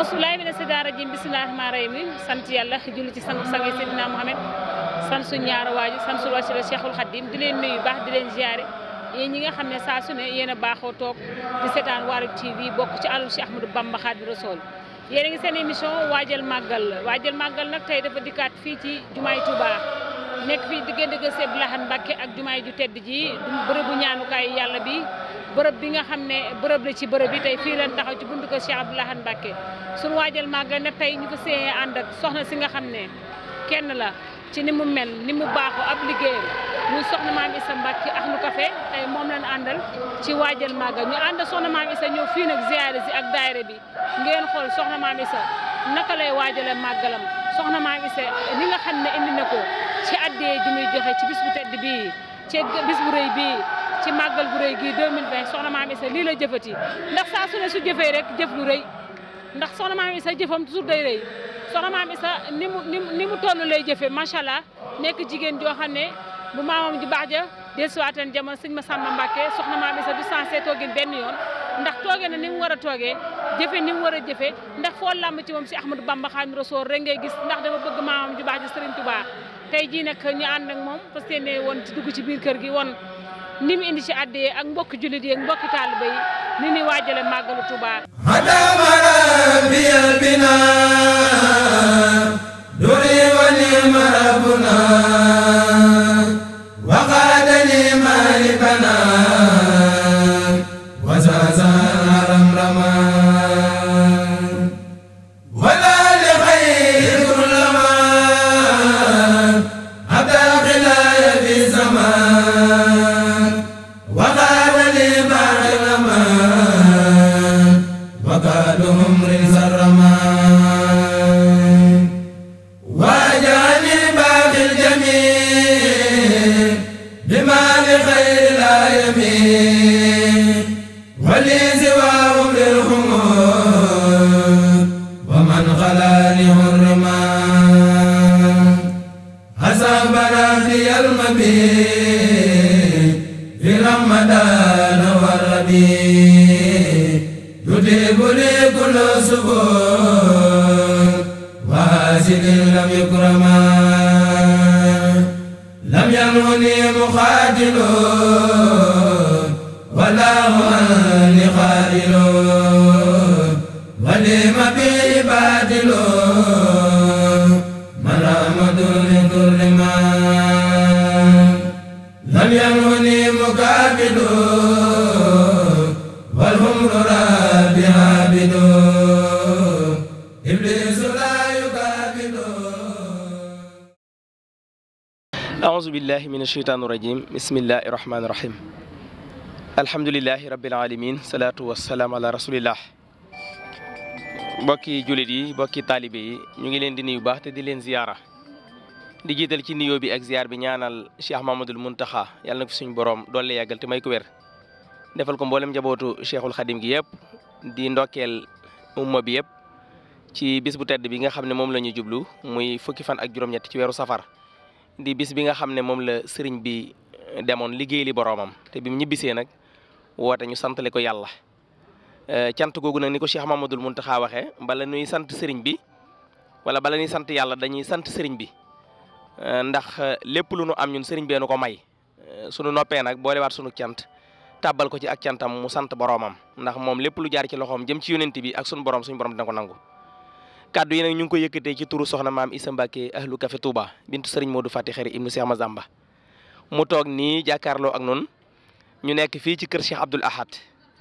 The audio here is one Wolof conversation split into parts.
asulaay bi na si daara ji bisimilah rahmaan rahim sant yàlla julli ci sang sangi Seydina Mohamed sant ñaar waaju sant suñ wasila Cheikhul Khadim di leen nuyu baax di leen ziare yéen ñi nga xam ne saa su ne yéen baaxoo toog di seetaan Waarwi bii bokk ci àllu Cheikh Ahmadou Bamba Khadimu Rasuul yéen a ngi seen émission waajal màggal waajal màggal nag tey dafa dikkaat fii ci jumaay Touba nekk fii diggante ga Sëñ Lahad Mbacke ak jumaay ju tedd ji bërëbu ñaanukaay yàlla bi bërëb bi nga xam ne bërëb la ci bërëb bi tey fii leen taxaw ci buntu ko Cheikh Abdou Lahad Mbacke su suñu waajal màggal ne tey ñu ko séenee ànd ak soxna si nga xam ne kenn la ci ni mu mel ni mu baaxoo ab liggéey muy soxna maam Issa Mbacke ak nu kafe tey moom lañ àndal ci waajal màggal ñu ànd soxna maam Issa ñëw fii nag ziyaare si ak daayira bi ngeen xool soxna maam Issa naka lay waajale màggalam soxna maam Issa li nga xam ne indi na ko ci addee ji muy joxe ci bis bu tedd bii ci bis bu rëy bii ci màggal bu rëy gii 2020 soxna maam Issa lii la jëfati ndax saa su ne su jëfee rek jëf lu rëy ndax soxna maam Isa jëfam toujours day rëy soxna maam Isa ni mu ni mu a lay jëfee macha allah nekk jigéen joo xam ne bu maamam ju baax ja desuwaateen jamono sëñ ma Samba Mbàkke soxna maam Isa du sensé toogin benn yoon ndax toogee na ni mu war a toogee jëfe ni mu war a jëfe ndax foo làmb ci moom si Ahmadou Bamba Xaadimu Rasuul rek ngay gis ndax dafa bëgg maamam ju baax ja Sëriñ Tuubaa tey jii nag ñu ànd ak moom parce que ne woon dugg ci biir kër gi woon ni mu indi ci àddee ak mbokki jullit yi ak mbokki taaliba yi ñuy waajale màggalu Tuubaa بنا نور ونعم ربنا والله أني قائل ولم بعباد من أمد لضر ما لم ينهني مقابل والهم رابي عابد إبليس لا يقابل أعوذ بالله من الشيطان الرجيم بسم الله الرحمن الرحيم alhamdulilahi rabbil alamin salaatu wasalaam ala rasulillah mbokki jullit yi mbokki taalibe yi ñu ngi leen di nuyu baax te di leen ziyaara di jiital ci nuyoo bi ak ziyaar bi ñaanal cheikh mahamadul muntaxa yàlla na ko suñu borom doole yàggal te may ko weer defal ko mboolem njabootu cheikhul xadim gi yëpp di ndokkeel umma bi yëpp ci bis bu tedd bi nga xam ne moom la jublu muy fukki fan ak juróom ci weeru safar di bis bi nga xam ne moom la sëriñ bi demoon liggéey li boroomam te bi ñibbisee nag woote ñu santale ko yàlla eh, cant googu nag ni ko Cheikh Mamadul Muntaxa waxee bala ñuy sant sëriñ bi wala bala ñuy sant yàlla dañuy sant sëriñ bi eh, ndax eh, lépp lu nu am ñun sëriñ bee nu ko may sunu noppee nag boolewaat sunu cant tàbbal ko ci ak cantam mu sant boroomam ndax moom lépp lu jaar ci loxoom jëm ci yonent bi ak sunu borom suñu borom dina ko nangu. kaddu yi nag ñu ngi ko yëkkatee ci turu soxna maam Issa Mbacke ahlu Café Touba bintu sëriñ Modou Fati Xari ibnu Cheikh Mazamba mu toog nii jàkkaarloo ak noonu. ñu nekk fii ci kër Cheikh Abdoul Ahad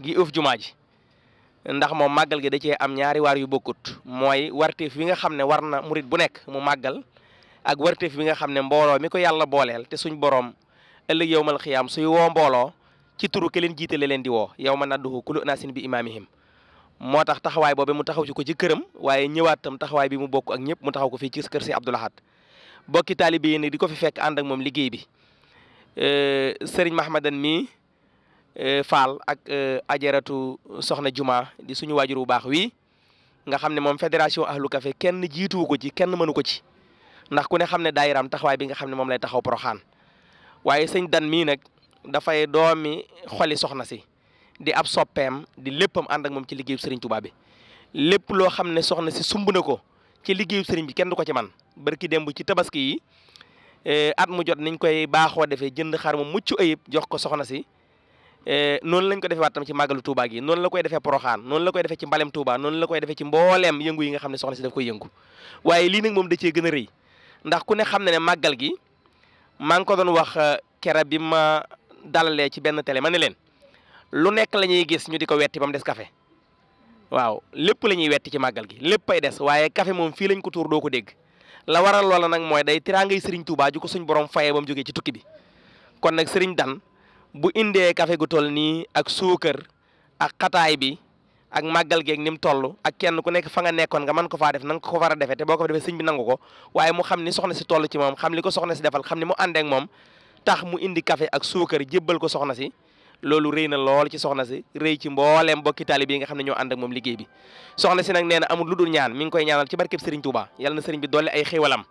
gi ëf jumaa ji ndax moom màggal gi da cee am ñaari waar yu bokkut mooy warteef bi nga xam ne war na murit bu nekk mu màggal ak warteef bi nga xam ne mbooloo mi ko yàlla booleel te suñ borom ëllëg yowmal xiyaam suy woo mbooloo ci turu ke leen jiitale leen di woo yow ma nadduhu kulu naasin bi imaamihim moo tax taxawaay boobu mu taxaw ci ko ci këram waaye ñëwaatam taxawaay bi mu bokk ak ñëpp mu taxaw ko fii ci kër si Abdoul Ahad bokki taalibe yi nag di ko fi fekk ànd ak moom liggéey bi sëriñ Mahmadan Euh, Fall ak euh, ajaratu soxna Juma di suñu waajur bu baax wii nga xam ne moom fédération ahlu café kenn jiituwu ko ci kenn mënu ko ci ndax ku ne xam ne daayiraam taxawaay bi nga xam ne moom lay taxaw Poroxaan waaye sëñ Dan mii nag dafay doomi xoli soxna si di ab soppeem di léppam ànd ak moom ci liggéeyu Serigne Touba bi lépp loo xam ne soxna si sumb ko ci liggéeyu Serigne bi kenn du ko ci man barki bu ci tabaski yi euh, at mu jot niñ koy baaxoo defee jënd xar mu mucc ayib jox ko soxna si Eh, noonu lañ ko defee waat ci màggalu Touba gi noonu la koy defee Poroxaan noonu la koy defee ci mbalem Touba noonu la koy defee ci mbooleem yëngu yi nga xam ne soxna si daf koy yëngu waaye lii nag moom da cee a rëy ndax ku ne xam ne ne màggal gi maa ngi ko doon wax eh, kera bi ma dalalee ci benn télé ma ne leen lu nekk la ñuy gis ñu di ko wetti ba des kafe waaw lépp la ñuy wetti ci màggal gi lépp ay des waaye kafe moom fii lañ ko tuur doo ko dégg la waral loola nag mooy day tiraangay Serigne Touba ju ko suñ borom fayee ba jógee ci tukki bi kon nag sëriñ Dan bu indee kafe gu toll nii ak suukar ak xataay bi ak màggal geeg ni mu toll ak kenn ku nekk fa nga nekkoon nga mën ko faa def na nga ko far a defee te boo ko fa defee sëñ bi nangu ko waaye mu xam ni soxna si toll ci moom xam li ko soxna si defal xam ni mu àndeek moom tax mu indi café ak suukar jébbal ko soxna si loolu rëy na lool ci soxna si rëy ci mbooleem bokki taalibe yi nga xam ne ñoo ànd moom liggéey bi soxna si nag nee na amul lu dul ñaan mi ngi koy ñaanal ci barkeb sëriñ Touba yal na sëriñ bi dolli ay xéwalam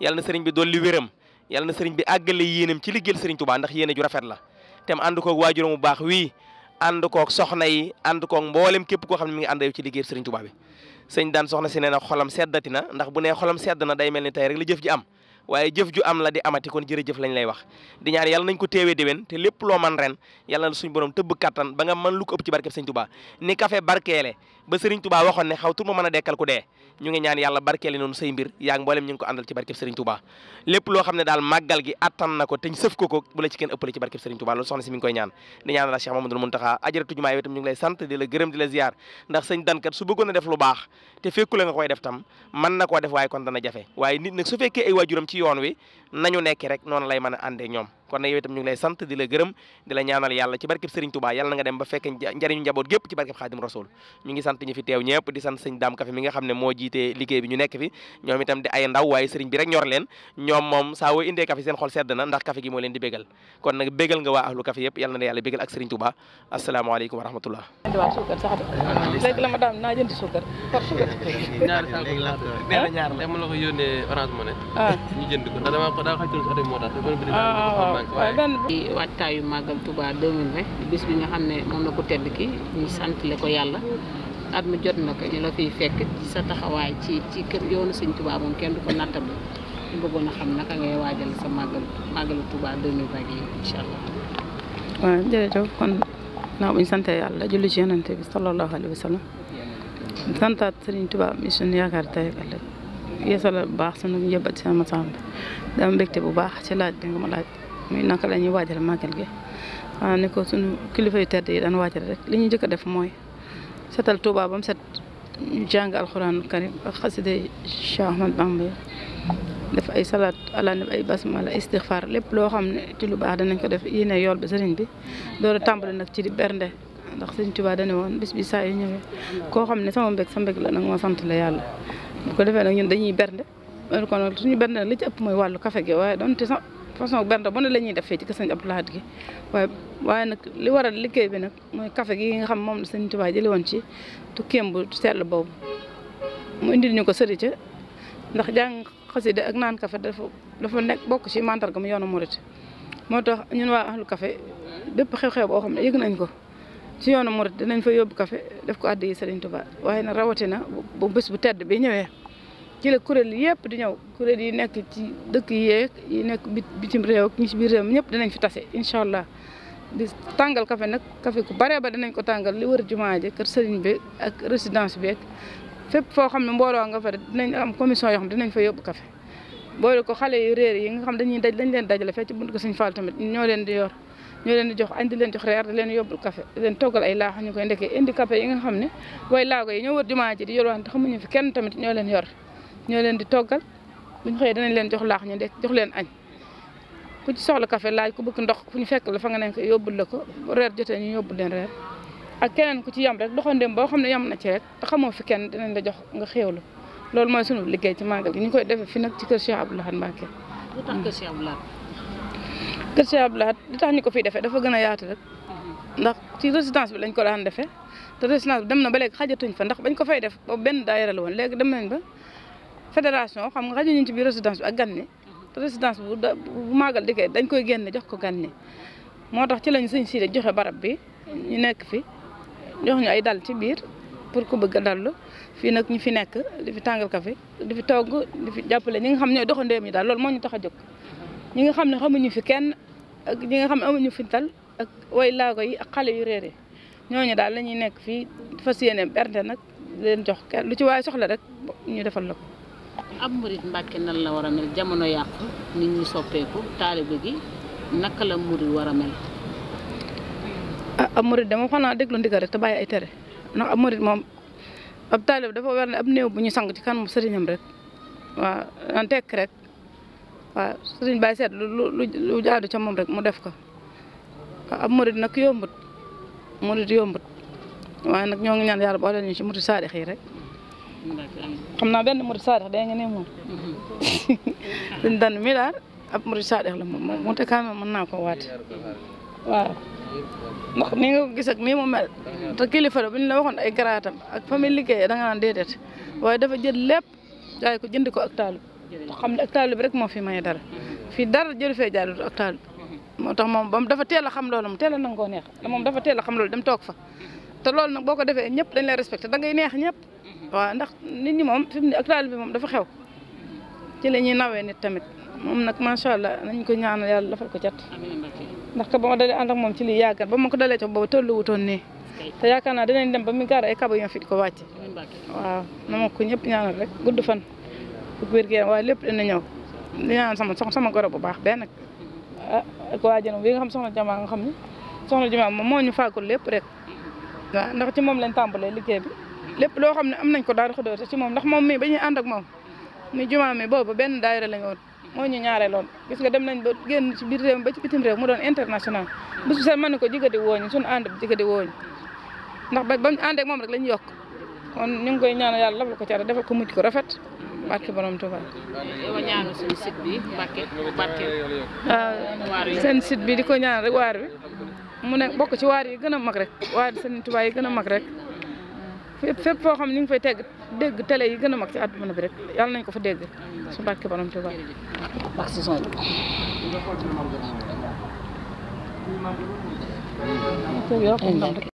yal na sëriñ bi dolli wéram yal na sëriñ bi àggale yéenam ci liggéeyal sëriñ Touba ndax yéene rafet la tem ànd koog waajuram bu baax wii ànd koog soxna yi and koog mboolem képp koo xam ne mu ngi ànd yow ci liggéey Sëriñ Tuubaa bi sëñ daan soxna si nee xolam seddati na ndax bu nee xolam sedd na day mel ni tey rek la jëf ji am waaye jëf ju am la di amati kon jërëjëf lañ lay wax di ñaan yàlla nañ ko téewee déwén te lépp loo man ren yàlla na suñ borom tëbb kattan ba nga mën lu ko ëpp ci barkeb Sëriñ Tuubaa ni kafe barkeele ba Serigne Touba waxoon ne xaw tur ma mën a dekkal ku dee ñu ngi ñaan yàlla barkeeli noonu say mbir yaa ngi ñu ngi ko àndal ci barkeb Serigne Touba lépp loo xam ne daal màggal gi attan na ko te ñu sëf ko ko bu la ci kenn ëppale ci barkeb Serigne Touba loolu soxna si mi ngi koy ñaan di ñaan la Cheikh Mamadou Mountakha ajaratu jumaa yi tam ñu ngi lay sant di la gërëm di la ziar ndax sëñ dankat su bëggoon a def lu baax te fekku nga koy def tam mën na koo def waaye kon dana jafe waaye nit nag su fekkee ay waajuram ci yoon wi nañu nekk rek noonu lay mën a àndee ñoom kon nag yow itam ñu ngi lay sant di la gërëm di la ñaanal yàlla ci barkeb Serigne Touba yàlla na nga dem ba fekk njariñu njaboot gépp ci barkeb Xaadim Rasul ñu ngi sant fi teew ñëpp di sant sëñ Daam Kafe mi nga xam ne moo jiite liggéey bi ñu nekk fi ñoom itam di ay ndaw waaye sëriñ bi rek ñor leen ñoom moom saa woo indee kafe seen xol sedd na ndax kafe gi moo leen di bégal kon nag bégal nga waa ahlu kafe yëpp yàlla na yàlla bégal ak Serigne Touba asalaamaaleykum wa rahmatullah léegi la ma daam naa jënd suukar par suukar ñaari saako ah? la ko yónnee orange money ah. ñu jënd ko ndax dama ko daa waajtaayu màggal Touba 2020 bis bi nga xam ne moom la ko tedd ki ñu santale ko yàlla at mu jot nag ñu la fiy fekk ci sa taxawaay ci ci kër yoonu sëñ Touba moom kenn du ko nattab ñu bëggoon a xam naka sa màggal màggalu Touba 2020 yi incha allah. waaw jërëjëf ñu sant yàlla julli ci yonent bi sallallahu alayhi wa santaat Serigne Touba mi suñu yaakaar tey ak ëllëg yeesal bu baax sunu njëbbat sama sàmm dama mbégte bu baax ci laaj bi nga ma laaj. muy naka la ñuy waajal màggal gi xanaa ne ko sunu kilifa yu tedd yi daan waajal rek li ñu njëkk def mooy setal Tuuba bam mu set jàng alxuraan karim ak xaside Cheikh Ahmad Bamba def ay salaat ala nabi ay basmala istixfaar lépp loo xam ne ci lu baax danañ ko def yéene yool bi sëriñ bi door a tàmbali nag ci di bernde ndax sëriñ Tuuba dane woon bis bi saa yu ñëwee koo xam ne sama mbég sa mbég la nag moo sant la yàlla bu ko defee nag ñun bernde kon bernde li ci ëpp mooy wàllu kafe gi waaye doonte sax façon bernde bu ne la ñuy def fii ci kër sëñ Abdou Lahad gi waaye nag li waral liggéey bi nag mooy café gi nga xam moom la sëñ Tuubaa jëli woon ci tukkeem bu sell boobu mu indi ñu ko sëri ca ndax jàng xasida ak naan kafe dafa dafa nekk bokk ci mandarga mu yoonu murit moo tax ñun waa ahlu café bépp xew-xew boo xam ne yëg nañ ko ci yoonu murit dinañ fa yóbbu kafe def ko àddi yi sëriñ Tuubaa waaye na rawatina bu bés bu tedd bi ñëwee ci la kuréel yëpp di ñow kuréel yi nekk ci dëkk yeeg nekk bitim réew ak ñi ci biir réew ñëpp danañ fi tase incha allah di tàngal kafe nag kafe ku baree ba danañ ko tàngal li war jumaa ji kër sëriñ bi ak résidence be ak fépp foo xam ne mbooloo nga fa dinañ am commission yoo xam dinañ fa yóbbu kafe boole ko xale yu réer yi nga xam dañuy daj dañ leen dajale fekk ci bunt ko sëñ Fall tamit ñoo leen di yor ñoo leen di jox añ di leen jox reer di leen yóbbul café di leen toggal ay laax ñu koy ndekkee handicapé yi nga xam ne way laago yi ñoo di yorwaan te xamuñu fi kenn tamit ñoo leen yor ñoo leen di toggal ñu xëyee danañ leen jox laax ñu dek jox leen añ ku ci soxla kafe laaj ku bëgg ndox fu ñu fekk la fa nga ne ko yóbbul la ko reer jotee ñu yóbbul leen reer ak keneen ku ci yam rek doxandéem boo xam ne yam na ci te xamoo fi kenn dinañ la jox nga xéewlu loolu mooy sunu liggéey ci màggal gi ñu koy defee fi nag ci kër Cheikh Abdou Lahad Mbacké lu tax kër Cheikh Abdou Lahad kër Cheikh Abdou ko fiy defee dafa gën a yaatu ndax ci résidence bi lañ ko daan defee te résidence bi dem na ba léegi xajatuñ fa ndax bañ ko fay def ba benn daayira la woon léegi dem nañ ba fédération xam nga xajuñu ci biir résidence ak gan ñi bu bu màggal dikkee dañ koy génne jox ko gan moo tax ci lañ sëñ Siidi joxe barab bi ñu nekk fi jox ñu ay dal ci biir pour ku bëgg a dallu fii nag ñu fi nekk di fi tàngal kafe di fi togg di fi jàppale ñi nga xam ñooy doxandeem yi daal loolu moo ñu tax a jog ñi ngi xam ne xamuñu fi kenn ak ñi nga xam ne amuñu fi tal ak way laago yi ak xale yu réere ñooñu daal la nekk fii fas yéene bernde nag leen jox ken lu ci waaye soxla rek ñu defal la ko ab murit Mbàkke nan la war a mel jamono yàqu nit ñi soppeeku taalibe gi naka la murit war a mel. ah ab murit dama xanaa déglu ndigal rek te bàyyi ay tere ndax ab murit moom ab taalibe dafa war ne ab néew bu ñu sang ci kanam sëriñam rek waaw an tekk rek waaw sëriñ bàyyi seet lu lu lu jaadu ca moom rek mu def ko ab murit nag yombut murit yombut waaye nag ñoo ngi ñaan yàlla boole ñu ci murit saadix yi rek. xam naa benn murid saadix de nga ne moom suñ dan mi daal ab murid saadix la moom moom mu te kaame mën naa ko waate waaw ndax ni nga gis ak nii moom mel kilifa la bu ñu la waxoon ay garaatam ak famille liggéeyee da nga naan déedéet waaye dafa jël lépp jaay ko jënd ko ak taalib te xam ne ak bi rek moo fi ma may dara fii dara jël fee jaay ak taalib moo tax moom bam dafa teel a xam loolu moom teel a nangoo neex moom dafa teel a xam loolu dem toog fa te loolu nag boo ko defee ñëpp dañ lay respecté da ngay neex ñëpp waaw ndax nit ñi moom fi ne ak taalibe bi moom dafa xew ci la ñuy nawee nit tamit moom nag macha allah nañ ko ñaanal la defal ko cat ndax ka ba ma dalee ànd moom ci li yàggan ba mu ko dalee ca boobu tolluwutoon nii te yaakaar naa dinañ dem ba mi gaar ay kaba yoo fi di ko wàcc waaw na ma ko ñëpp ñaanal rek gudd fan ak wér gu waaye lépp dina ñëw di ñaan sama sox sama goro bu baax benn ah, ak waa jënam bi nga xam soxna jamaa nga xam ni soxna jamaa moom moo ñu fàggul lépp rek waaw ndax ci moom lañ tàmbalee liggéey bi lépp loo xam ne am nañ ko daar doo xudóote ci moom ndax moom mi ba ñuy ànd moom muy jumaa mi boobu ben daayira la ñu woon moo ñi ñaare loon gis nga dem nañ ba génn ci biir réew ba ci bitim réew mu doon international bisu sax mën na ko jigadi wooñu suñu ànd bi jigadi wooñu ndax ba bañ ànd moom rek la ñu yokk kon ñu ngi koy ñaanal yàlla lafal ko cara defal ko mujj ko rafet barke borom Tuuba yow ñaanal suñu site bi barke barke seen site bi di ko ñaanal rek waar bi mu ne bokk ci waar yi gën a mag rek waar seen Tuuba yi gën a mag rek fépp fépp foo xam ni nga fay teg dégg télé yi gën a mag ci àdduna bi rek yàlla nañ ko fa dégg su mbàkke borom te baax baax si son bi